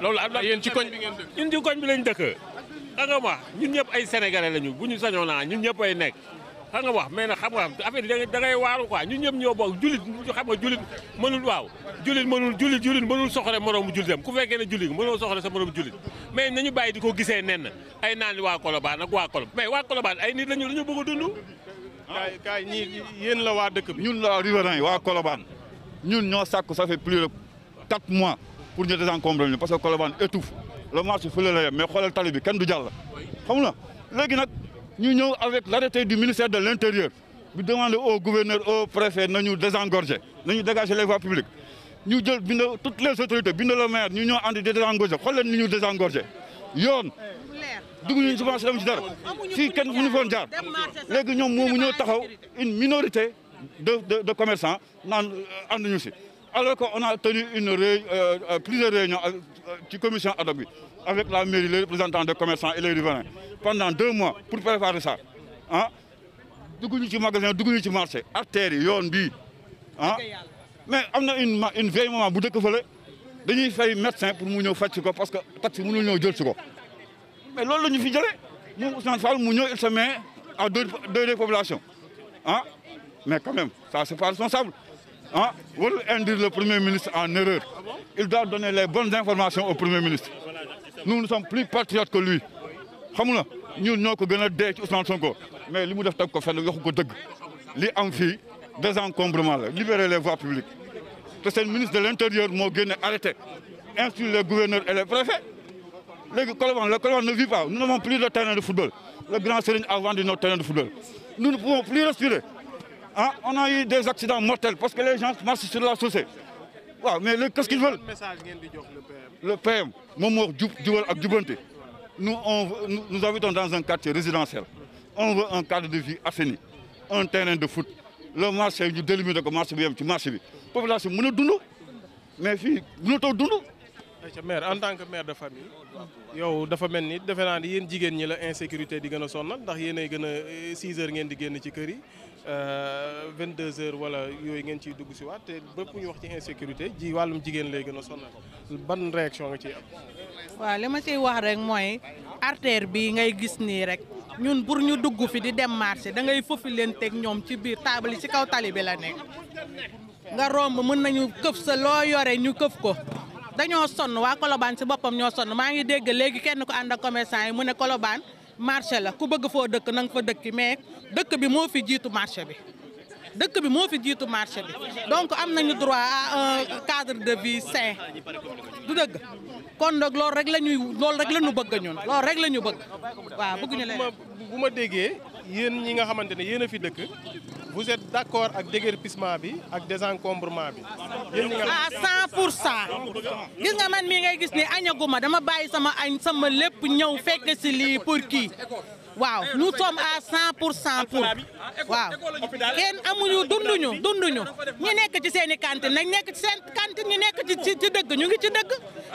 loolu am na yéen ci koñ bi ngeen dëkk. ñun ci ñun ñëpp ay sénégalais lañu bu ñu sañoon naa ñun ñëpp ay nekk. xam nga wax mais nag xam nga affaire yi da ngay waaru quoi ñun ñëpp ñoo bokk julit xam nga julit mënul waaw julit mënul julit julit mënul soxore moroomu julitam ku fekkee ne julit mënoo soxore sa moroomu julit mais nañu bàyyi di ko gisee nen ay naan waa Colobane ak waa Colobane mais waa Colobane ay nit lañu ñu bëgg a dund kaay kaay ñii yéen la waa dëkk ñun la yi waa Colobane ñun ñoo sàkku ça fait plus de quatre mois pour ñu désencombre ñu parce que Colobane étouffe le marché fële la yem mais xoolal tali bi kenn du jàll xam na nag ñu ñëw avec l' arrêté du ministère de l' intérieur bi demandé au gouverneur au préfet nañu désengorger nañu dégager les voies publiques ñu jël bind toutes les autorités bind le maire ñu ñoo andi di désengorger xool ñu désengorger yoon dugg ñu subvention dem ci dara fii kenn mënu jaar léegi ñoom moomu ñoo taxaw une minorité de de commerçants naan euh, ñu si alors qu'on a tenu une réunion, euh, euh, plusieurs réunions de euh, commission ad avec la mairie, les représentants des commerçants et les riverains pendant deux mois pour préparer ça ah dugg ci magasin dugg ñu ci marché artères yi yoon bii ah mais am na une une vieille maman bu dëkk fële dañuy fay médecin pour mu ñëw faj si ko parce que taxi mënul ñëw jël si ko mais loolu la ñu fi jëlee moom Ousmane Fall mu ñëw il se met à deux des populations ah mais quand même ça c'est pas responsable ah warul induire le premier ministre en erreur ah il doit donner les bonnes informations au premier ministre nous ne sommes plus patriotes que lui xam nga ñun ñoo ko gën a dee ci Ousmane mais li mu def teg ko fenn waxu ko dëgg li am fii désencombrement la libérer les voies publiques te seen ministre de l' intérieur moo génne arrêté instruire les gouverneurs et les préfets léegi Colobane le Colobane ne vit pas nous n'avons plus de terrain de football le grand notre terrain de football nous ne pouvons plus ah on a eu des accidents mortels parce que les gens marchent sur la chaussée waaw mais léegi qu'est-ce qu'ils veulent le PM moom moo jubal ak jubante nous on nous habitons dans un quartier résidentiel on veut un cadre de vie assaini un terrain de foot le marché ñu délimité ko marché bi ci marché bi population mën a dund mais fii mënatoo dund ca maire en tant que mère de famille yow dafa mel ni defe naa ni yéen jigéen ñi la insécurité di gën a sonnal ndax yéen ay gën a 6 eh, heures ngeen di génn ci kër yi 22 euh, heures wala yooyu ngeen ciy dugg si waat te bépp ñu wax ci insécurité ji wàllum jigéen lay gën a sonnal ban réaction nga ciy am. waaw li ma ciy wax rek mooy artère bi ngay gis nii rek ñun pour ñu dugg fi di dem marché da ngay foofu leen teg ñoom ci biir taabal yi ci kaw tali bi la nekk nga romb mën nañu këf sa yore ñu këf ko. dañoo sonn waa Colobane si boppam ñoo sonn maa ngi dégg léegi kenn ko ànd ak commerçant yi mu ne Colobane marché la ku bëgg foo dëkk na nga fa dëkk mais dëkk bi moo fi jiitu marché bi. dëkk bi moo fi jiitu marché bi donc am nañu droit à un cadre de vie sain du dëgg kon nag loolu rek la ñuy loolu rek la ñu bëgg ñun loolu rek la ñu bëgg waaw bëgguñu leen. bu ma déggee yéen ñi nga xamante ne yéen a fi dëkk vous êtes d'accord ak déguerpissement bi ak désencombrement bi. yéen ñi à 100 pour cent gis nga man mii ngay gis ni añaguma dama bàyyi sama añ sama lépp ñëw fekk si lii pour kii. waaw nous sommes à 100 pour cent pour ah, waaw kenn amuñu dunduñu dunduñu ñi nekk ci seen i cantine nañ nekk ci ñi nekk ci ci dëgg ñu ngi dëgg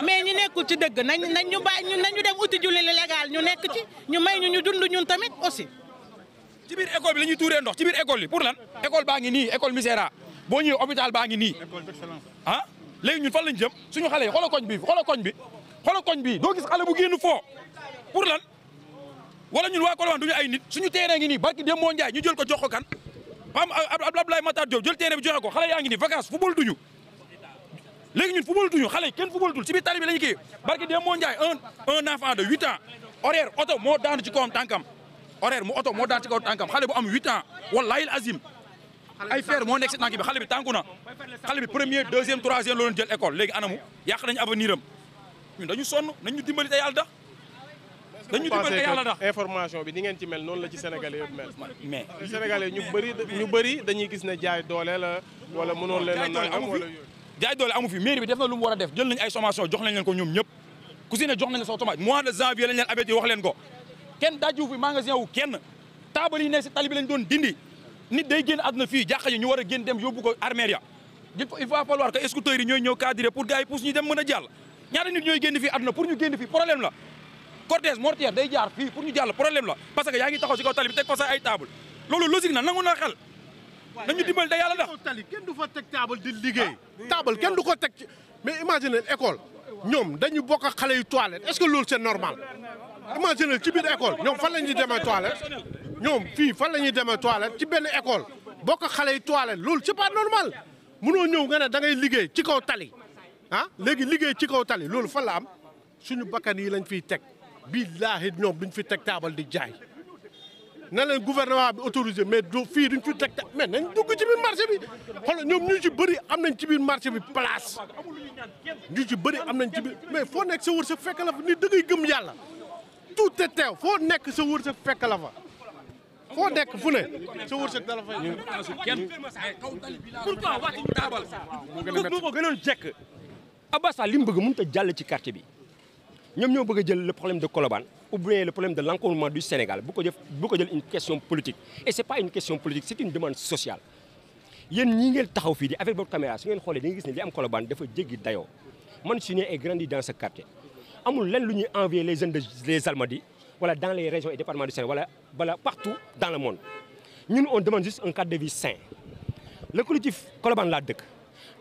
mais ñi nekkul ci dëgg nañ nañ ñu bàyyi nañ ñu dem uti julli légal ñu nekk ñu may ñu ñu dund ñun tamit aussi. ci biir école bi la ñuy tuuree ndox ci biir école bi pour lan école baa ngi nii école Misera boo ñëwee hôpital baa ngi nii ah léegi ñun fan lañ jëm suñu xale yi xoolal koñ bi xoolal koñ bi xoolal koñ bi doo gis xale bu génn foo pour lan. wala ñun waa Colobane du ñu ay nit suñu terrain ngi ñu jël ko jox ko kan Pam Abdoulaye Matar Diop jël terrain bi joxe ko xale yaa ngi nii vacances football duñu léegi ñun football duñu xale kenn football dul ci biir tali bi la ñu kii barki moo Ndiaye un un enfant de huit ans horaire oto moo daanu ci kawam tànkam horaire mu oto moo daanu ci kawam tànkam xale bu am huit ans wallahi azim ay fer moo nekk si tànk bi xale bi tànku na xale bi premier deuxième troisième la doon jël école dimbali te yàlla dañu dimbali yàlla bi ni ngeen ci mel noonu la ci sénégalais yëpp mel mais sénégalais ñu bëri ñu bëri dañuy gis ne jaay doole la wala mënoon leen nangam wala yooyu jaay doole amu fi mairie bi def na lu mu war a def jël nañu ay sommation jox nañ leen ko ñoom ñëpp ku si ne jox nañ la sa tomate mois de janvier lañ leen abet yi wax leen ko kenn dajju fi magasin wu kenn taabal yi ne si tali bi lañ doon dindi nit day génn àdduna fii jàq yi ñu war a génn dem yóbbu ko armère ya il va falloir que escouteurs ñooy ñëw cadré a jàll ñaata nit ñooy génn fii pour ñu génn fii problème la cortège mortière day jaar fii pour ñu jàll problème la parce que yaa ngi taxaw ci kaw tali bi teg fa ay table loolu logique na nangu na xel nañu dimbali da yàlla def tali kenn du fa teg table di liggéey ah, table kenn du ko teg ci mais imagine école ñoom dañu bokk ak xale yu toilette est-ce que loolu c'est normal imagine ci biir école ñoom fan la ñuy demee toilette ñoom fii fan la ñuy demee toilette ci benn école bokk ak xale yu loolu c'est pas normal munoo ñëw nga ne da ngay liggéey ci kaw tali ah léegi liggéey ci kaw tali loolu fan la am suñu bakkan yi lañ fiy teg billaahi ñoom duñ fi teg taabal di jaay na leen gouvernement bi autorisé mais doo fii duñ fi teg mais nañ dugg ci biir marché bi xoolal ñoom ñu ci bëri am nañ ci biir marché bi place ñu ci bëri am nañ ci biir mais foo nekk sa wërsëg fekk la fa nit da ngay gëm yàlla tout te teew foo nekk sa wërsëg fekk la fa foo nekk fu ne sa wërsëg dala fay. kenn pourquoi wàcc ñu taabal. mu gën a métti mu gënoon jekk Abbas li mu bëgg mënut a jàll ci quartier bi. ñoom ñoo bëgg a jël le problème de Colobane ou bien le problème de l'encombrement du Sénégal bu ko jëf bu ko jël une question politique et c'est pas une question politique c'est une demande sociale yéen ñi ngeen taxaw fii di avec votre caméra su ngeen xoolee di gis ne li am Colobane dafa jéggi dayoo man su ne ay grandi dans ce quartier amul lenn lu ñuy envier les jeunes de les Almadies wala dans les régions et départements du Sénégal wala wala partout dans le monde ñun on demande juste un cadre de dëkk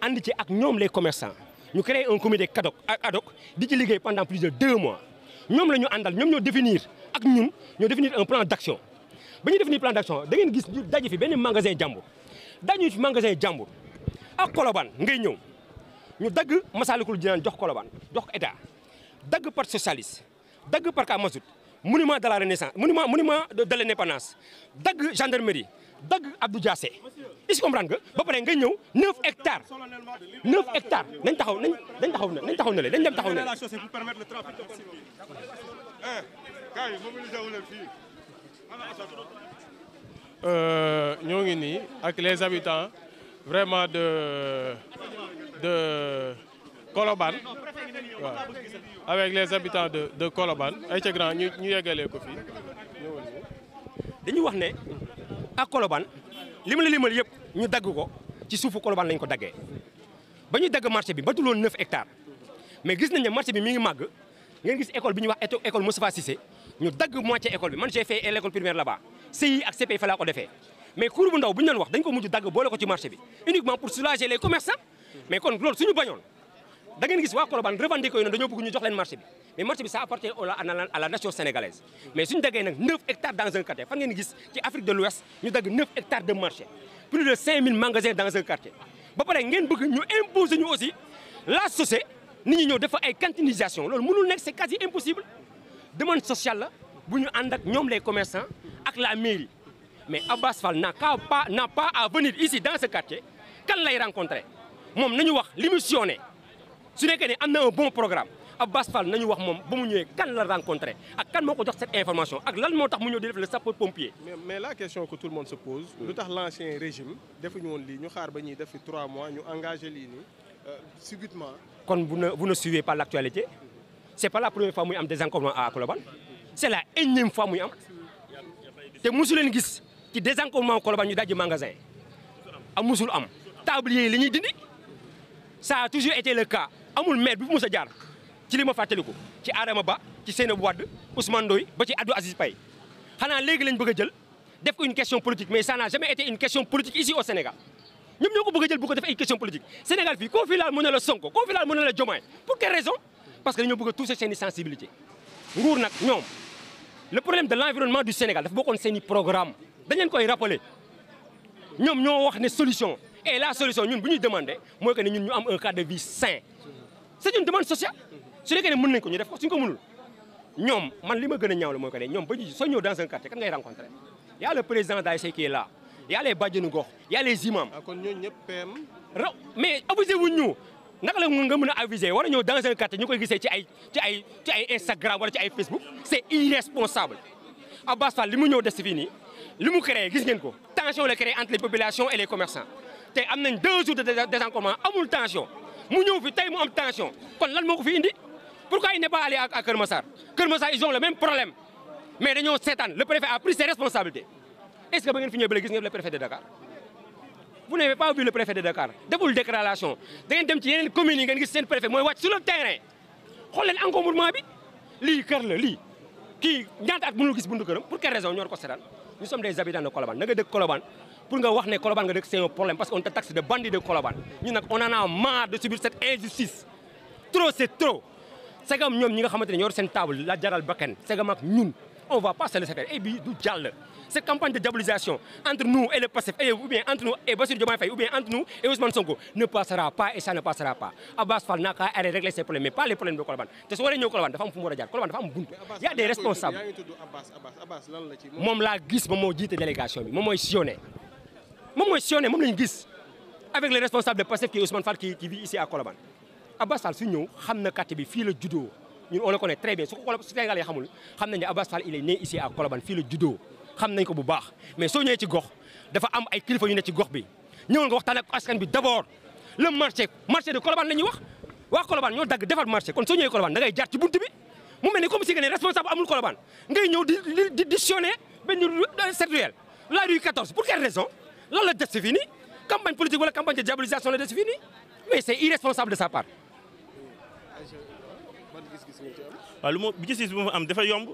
ànd ci ak ñoom les commerçants ñu créé en comité CADOC euh, ak di ci liggéey pendant plus de deux mois ñoom la ñu àndal ñoom ñoo définir ak ñun ñoo définir en plan d' action ba ñu définir plan d' action da ngeen gis ñu daje fi benn magasin jàmbur dañu fi magasin jàmbur ak Colobane ngay ñëw ñu dagg Massalikul Jinaan jox Colobane jox état dagg parti socialiste dagg parc à Mazout monument de la renaissance monument monument de l' dagg gendarmerie dagg Abdou Diassé est-ce que nga ba pare nga ñëw 9 hectares 9 hectares nañ taxaw nañ nañ taxaw na nañ taxaw na le nañ dem taxaw na le. Eh, euh, ñoo ngi nii ak les habitants vraiment de de Colobane avec les habitants de de Colobane ay ca grand ñu ñu yeggalee ko fii. dañuy wax ne. ak Colobane li ma la limal yëpp ñu dagg ko ci suufu Colobane lañ ko daggee ba ñu dagg marché bi ba tuloon 9 hectares mais gis nañ ne bi mi ngi màgg ngeen gis école bi ñu wax école Moustapha Cissé ñu dagg moitié école bi man j'ai fait l'école primaire là-bas CI ak CP fa ko defee mais cour bu ndaw bu ñu wax dañ ko mujj dagg boole ko ci marché bi uniquement pour soulager les commerçants mais kon loolu suñu bañoon da ngeen gis waa Colobane revendiqué yu ne dañoo bëgg ñu jox leen marché bi mais marché bi ça appartient à la nation sénégalaise mais suñu daggee nag 9 hectares dans un quartier fan ngeen gis ci Afrique de l'Ouest ñu dagg 9 hectares de marché plus de 5000 magasins dans un quartier ba pare ngeen bëgg ñu imposer ñu aussi la société nit ñi ñëw la bu ñu ànd ak ñoom les commerçants ak la mairie mais Abass Fall n'a pas n'a pas à venir ici dans ce lay rencontrer moom nañu wax li mu su nekkee ne am na un bon programme a Fall nañu wax moom ba mu ñëwee kan la rencontré ak kan moo ko jox cette information ak lan moo tax mu ñu di def le sapeur pompier. mais mais la question que tout le lu tax l'ancien régime defuñu woon lii ñu xaar ba ñuy def fi 3 mois ñu engagé lii nii euh, subitement. kon vous ne vous ne suivez pas l'actualité c'est pas la première fois muy am désencombrement à Colobane c'est la énième fois muy am te mosu gis ci désencombrement Colobane ñu dajji magasin am ah, mosul am tablier li ñuy dindi ça a toujours été amul maire bi fu mës a jaar ci li ma fàttaliku ci Adama Ba ci Seynabou Wade Ousmane Ndoye ba ci Abdou Aziz Paye xanaa léegi lañ bëgg a jël def ko une question politique mais ça n'a jamais été une question politique ici au Sénégal ñoom ñoo ko bëgg a jël bu ko def ay question politique Sénégal fii koo fi laal mën na la Sonko koo fi laal mën la Diomaye pour quelle raison parce que dañoo bëgg a toucher seen i sensibilité nguur nag ñoom le problème de l'environnement du Sénégal dafa bokkoon seen i programme dañ ñoom ñoo wax ne solution et la solution ñun bu ñuy demandé mooy que ne un cadre c'est une demande sociale su nekkee ne mën nañ ko ñu def ko suñ ko mënul ñoom man li ma gën a ñaaw la mooy que ne ñoom ba ñu soo ñëw dans un kan ngay rencontré y a le président d'ASC e qui est là y a les bàjjenu gox y a les imams. Ah, kon ñooñu ñëpp PM. ñu naka la a avisé war a ñu koy gisee ci ay ci ay ci wala ci ay Facebook c'est irresponsable Abass Fall li mu ñëw des fii nii li mu créé gis ngeen ko tension la créé entre les populations et les commerçants te am nañ de désencombrement amul tension. mu ñëw fi tey mu am tension kon lan moo ko fi indi pourquoi il n'est pas allé à Kër Massar Kër Massar le même problème mais dañoo seetaan le préfet a pris ses responsabilités est-ce que ba fi ñëwee ba léegi gis ngeen le préfet de Dakar vous n'avez pas vu le préfet de Dakar deful déclaration da ngeen dem ci yeneen communes yi ngeen gis seen préfet mooy wàcc sur le terrain xool leen encombrement bi lii kër la lii kii ñaata at mënul gis buntu këram pour quelle raison ñoo ko seetaan nous sommes des habitants de Colobane na nga pour nga wax ne Colobane nga dëkk c'est problème parce qu'on te taxe de bandit de Colobane ñun nag on en a marre de subir cette injustice trop c'est trop segam ñoom ñi nga xamante ne ñoo seen table la jaral bakkan segam ak ñun on va pas se laisser faire et du jàll cette campagne de diabolisation entre nous et le PASTEF et ou bien entre nous ou bien entre nous et Ousmane Sonko ne passera pas et ça ne passera pas Abbas Fall n'a qu'à aller moom mooy sillonné moom la ñu gis avec les responsables de Pastef kii Ousmane Fall kii kii vit ici à Colobane Abbas Fall su ñëw xam na quartier bi fii la juddoo ñun on le connaît très bien su ko xoolee su Sénégal yi xamul xam nañ ne Abbas Fall il est né ici à fii la juddoo xam nañ ko bu baax mais soo ñëwee ci gox dafa am ay kilifa yu ne ci gox bi ñëwal nga waxtaan ak askan bi d' abord le marché marché de la ñuy wax waa Colobane ñoo dagg defar marché kon soo ñëwee lan la des si fii nii campagne politique wala campagne de diabolisation la des si fii nii mais c'est irresponsable de sa part. waaw lu ma bu am dafa yomb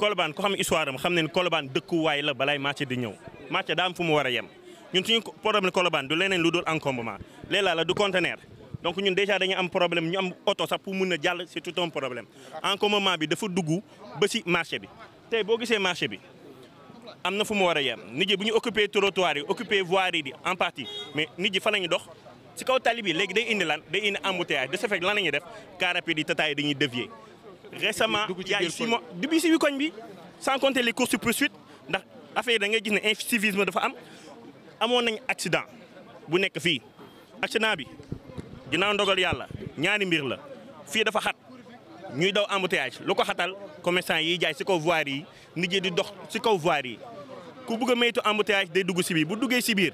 Colobane ko xam histoire am xam ne Colobane dëkkuwaay la balay marché di ñëw marché daa am fu mu war a yem ñun suñu problème Colobane du leneen lu dul encombrement léeg-léeg la du conteneur donc ñun déjà dañu am problème ñu am oto sax pour mun a jàll c'est tout un problème encombrement bi dafa dugg ba si marché bi tey boo gisee marché bi. am na fu mu war a yem nit ñi bu ñu occupé trottoir yi occupé voirie yi en partie mais nit ñi fa la ñu dox si kaw tali bi léegi day indi lan day indi embouteillage de ce fait lan la ñuy def car rapide yi tataay dañuy dévier. récemment yaa ngi si mo dugg si koñ bi sans compter les courses poursuites ndax affaire yi da ngay gis ne incivisme dafa am amoon nañu accident bu nekk fii accident bi ginnaaw ndogal yàlla ñaari mbir la fii dafa xat. ñuy daw embouteillage lu ko xatal commerçant yiy jaay si kaw voirie yi nit yi di dox si kaw voir yi ku bëgg a moytu embouteillage day dugg si biir bu duggee si biir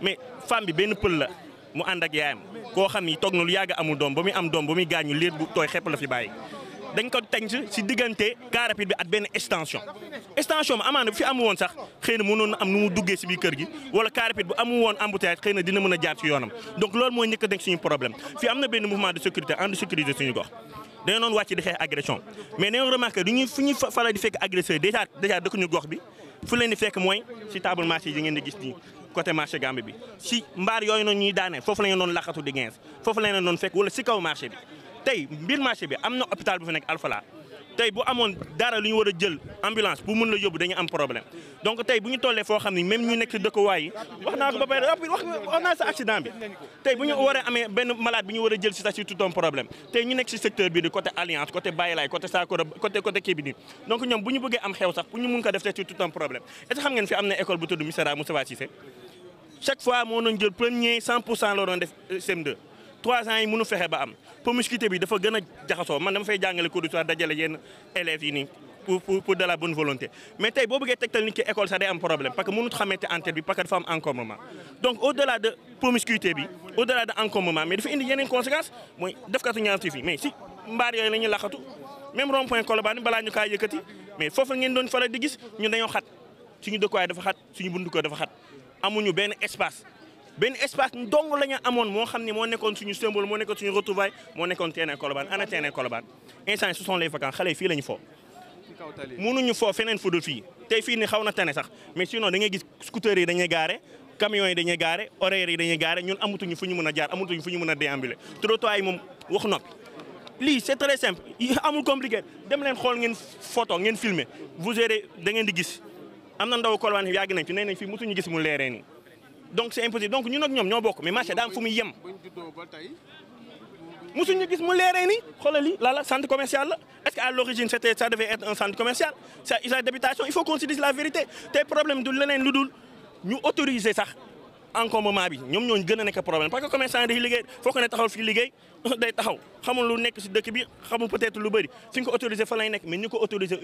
mais femme bi benn pël la mu ànd ak yaayam koo xam ni toog na lu yàgg amul doom ba muy am doom ba muy gaañu liir bu tooy xepp la fi bàyyi. dañ ko tënk si diggante car rapide bi at benn extension extension bi amaana bu fi amu woon sax xëy na mënoon na am nu mu duggee si biir kër gi wala car rapide bu amu woon na dina mën a jaar si yoonam donc loolu mooy njëkk a nekk problème fi na benn mouvement de sécurité en de sécurité suñu dañoo doon wàcc di xeex agression mais dañoo remarqué du ñu fu ñu faral di fekk agresseur dèjà dëkk ñu gox bi fu leen fekk mooy si table marché yi ngeen di gis nii côté marché Gambie bi si mbaar yooyu noonu ñuy daane foofu la ñu doon laxatu di gens foofu la ñu doon fekk wala si kaw marché bi tey mbir marché bi am na opital bu fi nekk Alfala tey bu amoon dara lu ñu war jël ambulance pour mën la yóbbu dañu am problème donc tey bu ñu tollee foo xam ni même ñu nekk dëkkuwaay yi wax wax naa si sax si tout un problème tey ñu nekk donc ñoom bu ñu bëggee am xew sax pour ñu mun ko def sax si tout problème est-ce que xam ngeen fi am na école bu tudd Missirah Moustapha Cissé chaque fois moo doon jël premier 100 pour cent la def euh, CM2 trois ans yi mënu fexe ba am promiscuité bi dafa gën a jaxasoo man dama fay jàngale cours du soir dajale yenn élèves yi nii pour pour pour de la bonne volonté mais tey boo bëggee tegtal nit ki école sax day am problème parce que mënut xamante entête bi parce que dafa am encombrement donc au delà de promiscuité bi au delà de encombrement mais dafa indi yeneen conséquences mooy defkatu ñaawteef yi mais si mbaar yooyu la ñuy laxatu même rond point balaa ñu benn espace ndong la amoon moo xam ne moo nekkoon suñu symbole moo nekkoon suñu retrouvaille moo nekkoon terrain Colobane ana terrain Colobane instant yi ce sont les vacances xale yi fii la ñu fo foo feneen fu dul fii tey fii ni xaw na tane sax mais sinon da ngay gis scooter yi dañuy gaare camions yi dañuy gaare horaires yi dañuy gaare ñun amatuñu fu ñu mun a jaar amatuñu fu ñu mën a déambuler trottoir yi moom wax noppi lii c'est très simple amul compliqué dem leen xool ngeen photo ngeen filmer vous da ngeen di gis am na ndaw Colobane yàgg nañ ci nee nañ fii gis mu leeree nii donc c'est impossible donc ñun ak ñoom ñoo bokk mais marché daa am fu muy yem. musuñu gis mu leeree ni xoolal lii la la centre commercial la est-ce que à l'origine c'était commercial c'est à il faut qu'on la vérité te problème du leneen lu dul ñu autoriser sax encombrement bi ñoom ñoo gën a nekk problème parce que commerçant day liggéey foo ko ne taxaw fii liggéey day taxaw xamul lu nekk ci dëkk bi xamul peut-être lu bëri fi ñu ko autorisé fa lay nekk mais ñu ko autorisé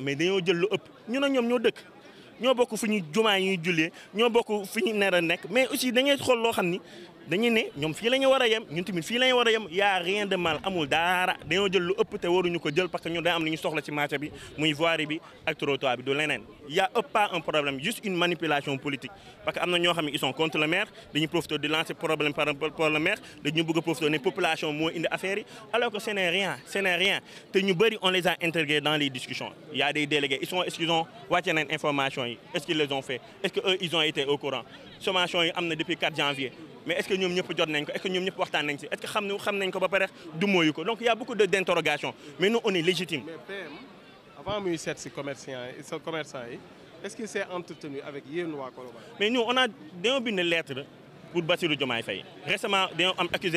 mais dañoo jël lu ëpp ñu ne ñoom ñoo dëkk. ñoo bokk fu ñuy jumaa yi ñuy jullee ñoo bokk fu ñu ner a nekk mais aussi da ngay xool loo xam ni dañu ne ñoom fii la ñu war a yem ñun tamit fii la ñu war a yem rien de mal amul daara dañoo jël lu te waruñu ko jël parce que ñun dañ am lu ñu soxla ci marché bi muy voirie bi ak trottoir du leneen y a pas un problème juste une manipulation politique parce am na ñoo xam ne ils sont le maire dañuy profité di lancer problème par le maire dañu bëgg a profité ne moo indi affaire yi alors rien te ñu bëri on les a intégrés dans les discussions y a ont wàcce nañ information yi est-ce qu'ils les ont fait est-ce que eux ils ont été au courant sommation yi mais est-ce que ñoom ñëpp jot nañ ko est-ce que ñoom ñëpp waxtaan nañ ci est-ce que xam ne ko ba pare du mooyu ko donc il y a beaucoup de d'interrogations mais nous on est légitime. mais PM avant muy seet ci commerçant yi sa commerçant yi est a dañoo bind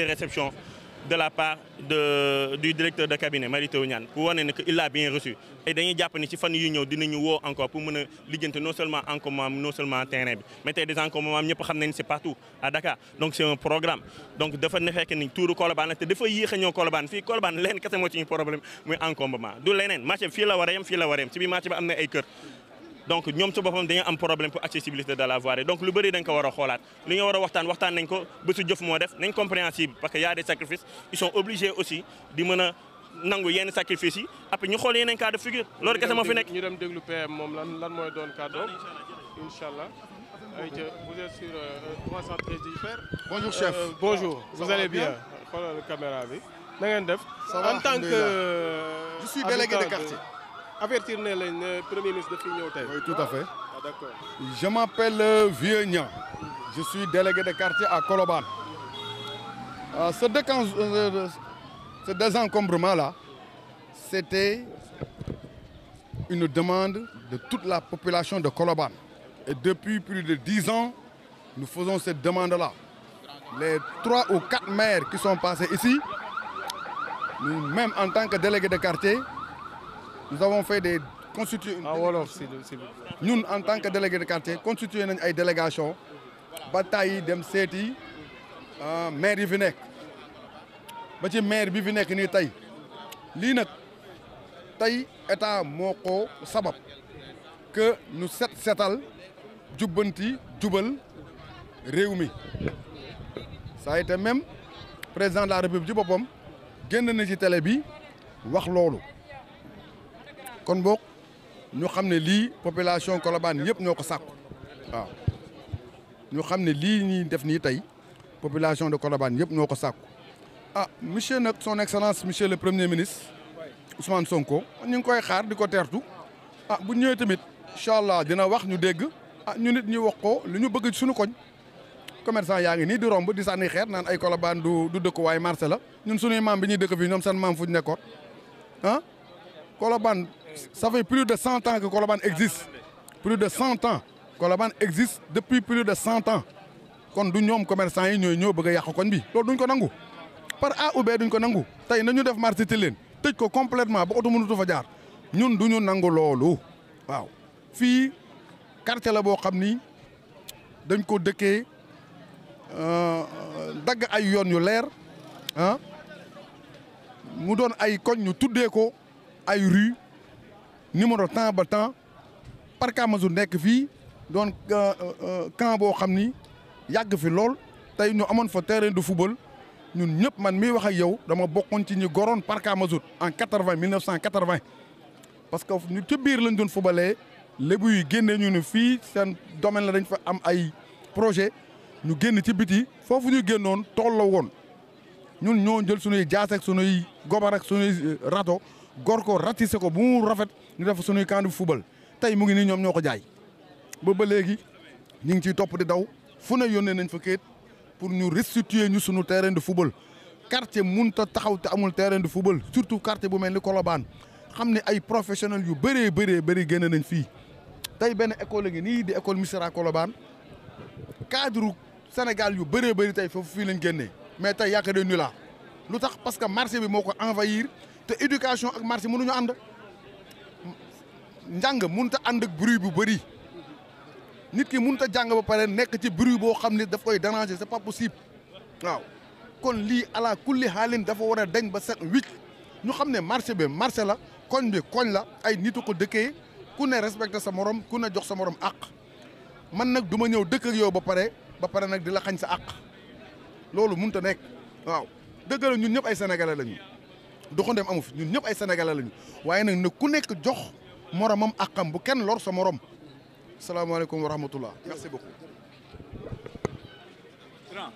réception. de la part de du directeur de cabinet Mary Teuw Niane pour wane ne que il l'a bien reçu et dañuy jàpp ni ci fan yu ñëw dinañu woo encore pour mën a lijjanti non seulement encombrement non seulement terrain bi mais tey des encombrements ñëpp xam nañ c'est partout à Dakar donc c'est programme donc dafa ne ni tuuru Colobane la te dafa yéex a ñëw Colobane fii Colobane leen kese moo ñu problème muy encombrement du leneen marché fii la war fii la war a yem donc ñoom ci boppam dañu am problème pour accessibilité de la voirie donc lu bëri dañ ko war a xoolaat li nga war a waxtaan waxtaan nañ ko bésu jëf moo def nañ compréhensible parce que y a des sacrifices ils sont obligés aussi di mën a nangu yenn sacrifice yi après ñu xool yeneen cas de figure loolu kese moo fi nekk. ñu dem déglu PM moom lan mooy doon kàddoom incha allah. ayca vous êtes sur 313 euh, Père. bonjour chef euh, bonjour. vous allez bien xoolal bi. na ngeen def. en tant que euh, je suis délégué avertir ne lañ ne euh, premier ministre daf tout à fait. Ah, d'accord. je m'appelle euh, Vieux Niang. je suis délégué de quartier à Colobane. Euh, ce, décon... Euh, ce désencombrement là c'était une demande de toute la population de Colobane. et depuis plus de dix ans nous faisons cette demande là. les trois ou quatre maires qui sont passés ici nous-mêmes en tant que délégués de quartier. nous avons fait des constitué ah, une ñun en tant que délégué de quartier constitué ay délégation ba tàyyi dem seeti ah, maire yi fi nekk ba ci maire bi fi nekk nii tey lii nag tey état moo ko sabab que ñu set setal jubbanti jubal réew mi ça a même président de la république ci boppam génn na ci télé bi wax loolu kon book ñu xam ne lii population Colobane yëpp ñoo ko sàkku waaw ñu xam ne lii ñuy def nii tey population de Colobane yëpp ñoo ko sàkku ah monsieur nag son excellence monsieur le premier ministre Ousmane Sonko ñu ngi koy xaar di ko teertu ah bu ñëwee tamit incha allah dina wax ñu dégg ah ñu nit ñu wax ko li ñu bëgg suñu koñ commerçant yaa ngi nii di romb di sànni xeer naan ay Colobane du du dëkk waaye marché la ñun suñuy maam bi ñuy dëkk fii ñoom seen maam fu ñu nekkoon ah ça fait plus de cent ans que Colobane existe plus de cent ans Colobane existe depuis plus de cent ans kon du ñoom commerçant yi ñooy ñoo bëgg a yàq koñ bi loolu duñ ko nangu par A ou duñ ko nangu tey nañu def marché Tilène tëj ko complètement ba oto mënatu fa jaar ñun du ñu nangu loolu waaw fii quartier la boo xam ni dañ ko dëkke euh, dagg ay yoon yu leer ah mu doon ay koñ ñu tuddee ko ay rue numéro temps ba temps parc Amazone nekk fii doon euh, euh, camp boo xam ni yàgg fi lool tey ñu amoon fa terrain de football ñun ñëpp man miy wax ak yow dama bokkoon ci ñu goroon parc Amazone en quatre vingt mille neuf cent quatre parce que ñu ca biir lañ doon fubalee lébu yi génnee ñu ne fii seen domaine la dañ fa am ay projet ñu génn ci biti foofu ñu génnoon tool woon ñun ñoo jël sunuy jaas ak sunuy gobar ak sunuy euh, rato gor ko ratissé ko bu mu rafet ñu def suñuy camp de football tey mu ngi nii ñoom ñoo ko jaay ba ba léegi ñu ngi ciy topp di daw fu ne yónnee nañ fa kayit pour ñu restituer ñu sunu terrain de football. quartier munta taxaw te amul terrain de football surtout quartier bu mel ni Colobane xam ne ay professionnels yu bëree bëree bëri génn nañ fii tey benn école ngi nii di école Missirah Colobane cadre Sénégal yu bëree bëri tey foofu fii lañ génnee mais tey yaakaar nañu ni lu tax parce que marché bi moo ko envahir. te éducation ak marché mënuñu ànd njàng mënut a ànd ak bruit bu bëri nit ki mënut a jàng ba pare nekk ci bruit boo xam ne daf koy déranger c'est pas possible waaw kon lii ala kulli xaalin dafa war a deñ ba set wicc ñu xam ne marché bi marché la koñ bi koñ la ay nitu ko dëkkee ku ne respecté sa moroom ku ne jox sa moroom àq man nag du ma ñëw dëkk ak yow ba pare ba pare nag di la xañ sa àq loolu mënut a nekk waaw dëgg ñun ñëpp ay sénégalais lañu. doxandeem amu fi ñun ñëpp ay sénégalais lañu waaye nag ne ku nekk jox moromam akam bu kenn lor sa morom salaamaaleykum wa rahmatullah merci beaucoup. Ah.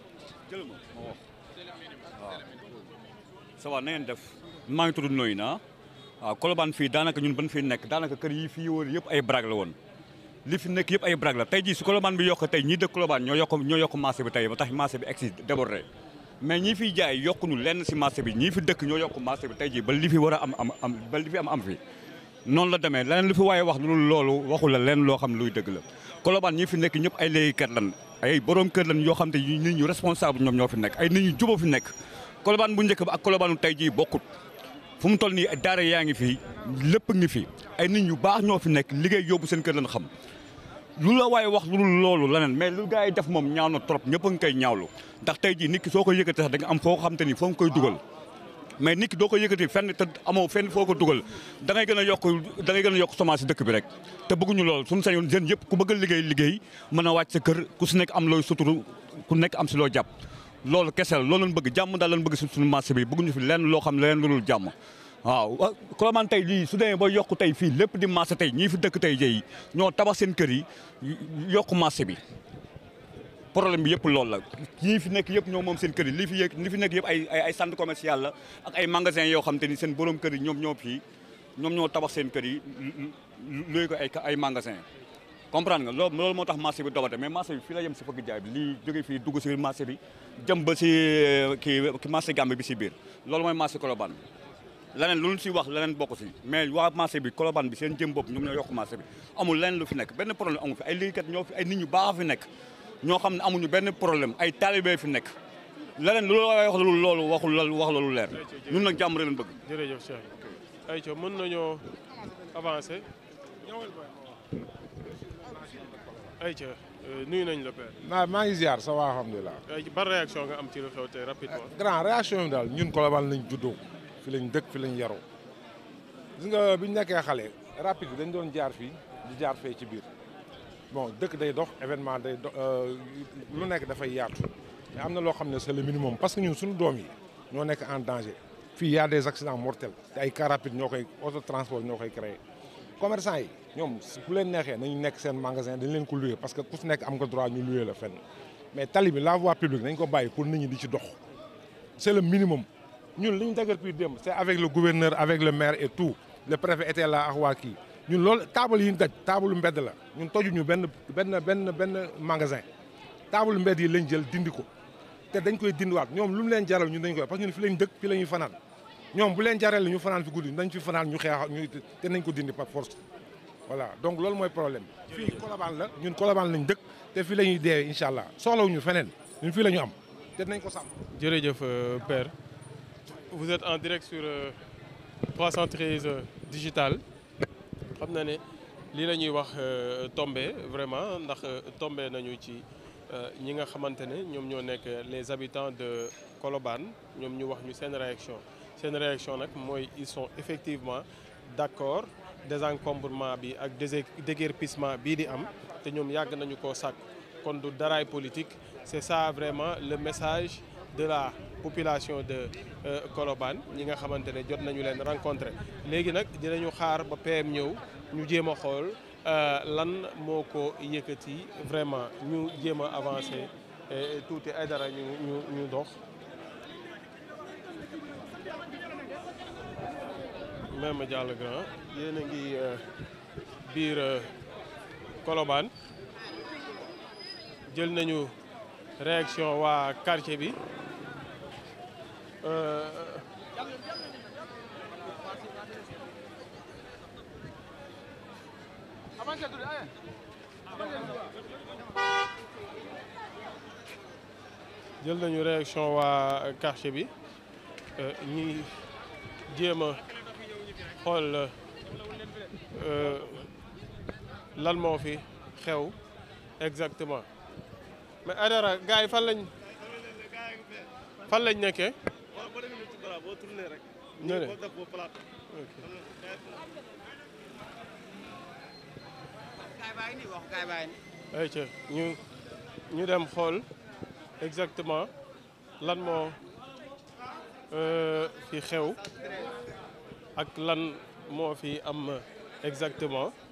def maa ngi tudd nooy na waaw ah, Colobane fii daanaka ñun ban fii nekk daanaka kër yi fii wër yëpp ay brag la woon li fi nekk yëpp ay brag la tey jii su Colobane bi yokk tey ñii dëkk Colobane ñoo yokk ñoo yokk marché bi tey ba tax marché bi egg si débordé mais ñii fiy jaay yokkuñu lenn si marché bi ñii fi dëkk ñoo yokku marché bi tey jii ba li fi war a am am am ba li fi am am fi noonu la demee leneen lu fi waaye wax lu loolu waxu la lenn loo xam luy dëgg la Colobane ñi fi nekk ñëpp ay liggéeykat lan ay borom kër lan yoo xam te nit ñu responsable ñoom ñoo fi nekk ay nit ñu juba fi nekk Colobane bu njëkk ba ak Colobane tey jii bokkut fu mu toll nii daara yaa ngi fi lépp ngi fi ay nit ñu baax ñoo fi nekk liggéey yóbbu seen kër lan xam lu la waaye wax lu dul loolu leneen mais lu gars yi def moom ñaaw na trop ñëpp nga koy ñaawlu ndax tey jii nit ki soo ko yëkkatee sax da nga am foo xam te ni foo nga koy dugal mais nit ki doo ko yëkkati fenn te amoo fenn foo ko dugal da gën a yokk da gën a yokk semence si dëkk bi rek te bëgguñu loolu suñu sañoon jeunes yëpp ku bëgg a liggéey liggéey mën a wàcc sa kër ku si nekk am looy suturu ku nekk am si loo jàpp loolu kese la loolu lañ bëgg jàmm daal lañ bëgg si suñu marché bi bëgguñu fi lenn loo xam leneen lu dul jàmm waaw Colobane tey jii su demee ba yokku tey fii lépp di marché tey ñii fi dëkk tey jii ñoo tabax seen kër yi yokku marché bi problème bi yëpp loolu la ñii fi nekk yëpp ñoo moom seen kër yi lii fi yëg li fi nekk yëpp ay ay centre commercial la ak ay magasin yoo xam te ni seen borom kër yi ñoom ñoo fii ñoom ñoo tabax seen kër yi luy ay ay magasin comprendre nga loolu loolu moo tax marché bi dobate mais marché bi fii la yem si fëgg jaay bi lii jógee fii dugg si marché bi jëm ba si kii marché Gambie bi si biir loolu mooy marché Colobane leneen lu si wax leneen bokk si mais waa marché bi Colobane bi seen jëm bopp ñoom ñoo yokk marché bi amul leneen lu fi nekk benn problème amu fi ay liggéeykat ñoo fi ay nit ñu baax fi nekk ñoo xam ne amuñu benn problème ay talibé fi nekk leneen loolu wax loolu loolu waxul loolu wax loolu leer ñun nag jàmm rek lañ bëgg. jërëjëf Cheikh ayca mën nañoo avancer. ayca euh, nuyu nañ la père. naa ngi ziar ça va alhamdulilah. ban am ci lu xew tey rapidement. Euh, grand réaction bi daal ñun Colobane juddoo. fi lañ dëkk fi lañ yaroo gis nga bi ñu nekkee xale rapide dañ doon jaar fii di jaar fee ci biir bon dëkk day dox événement day dox euh, lu nekk dafay yaatu mais am na loo xam ne c'est le minimum parce que ñun suñu doom yi ñoo nekk en danger fii y a des accidents mortels te ay car rapide ñoo koy auto transport ñoo koy créé commerçant yi ñoom ku leen neexee nañu nekk seen magasin dañ leen ko loué parce que ku si nekk am nga droit ñu loué la fenn mais tali bi la voie publique dañ ko bàyyi pour nit ñi di ci dox ñun li ñu Daguerpy démb c'est avec le gouverneur avec le maire et tout le préfet était là ak waa kii ñun loolu taabal yi ñu daj taabalu mbedd la benn benn benn benn magasin taabalu mbedd yi lañ jël dindi ko te dañ koy dindiwaat ñoom lu mu leen jaral ñun dañ koy parce que ñun fi lañ dëkk fi la ñuy fanaan ñoom bu leen jaral ñu fanaan fi guddi dañ fi fanaan ñu xeex ñu te nañ ko dindi par force voilà donc loolu mooy problème bi fii Colobane la ñun Colobane lañ dëkk te fii la ñuy deewee incha allah ñu feneen ñun fii la ñu am te nañ ko sàmm jërëjëf euh, père vous êtes en direct sur 313 euh, euh, digital xam na ne lii la ñuy wax euh, tombe vraiment ndax tombé nañu ci ñi nga xamante ne ñoom ñoo nekk les habitants de Colobane ñoom ñu wax ñu seen réaction seen réaction nag mooy ils sont effectivement d'accord désencombrement bi ak déguerpissement bii di am te ñoom yàgg nañu ko sàkk kon du daraay politique c'est ça vraiment le message de la population de euh, Colobane ñi nga xamante ne jot nañu leen rencontré léegi nag dinañu xaar ba PM ñëw ñu jéem a xool euh, lan moo ko yëkkati vraiment ñu jéem a avancé euh, tuuti ay dara ñu dox. même Diallo Grand yéen a ngi biir Colobane jël nañu réaction waa quartier bi. jël nañu réaction waa quartier bi euh, ñi jéem a xool euh, lan moo fi xew exactement mais Aidara gars yi fan lañ fan lañ nekkee waaw boo rek. nee ñu ñu dem xool exactement lan moo euh, fi xew ak lan moo fi am exactement.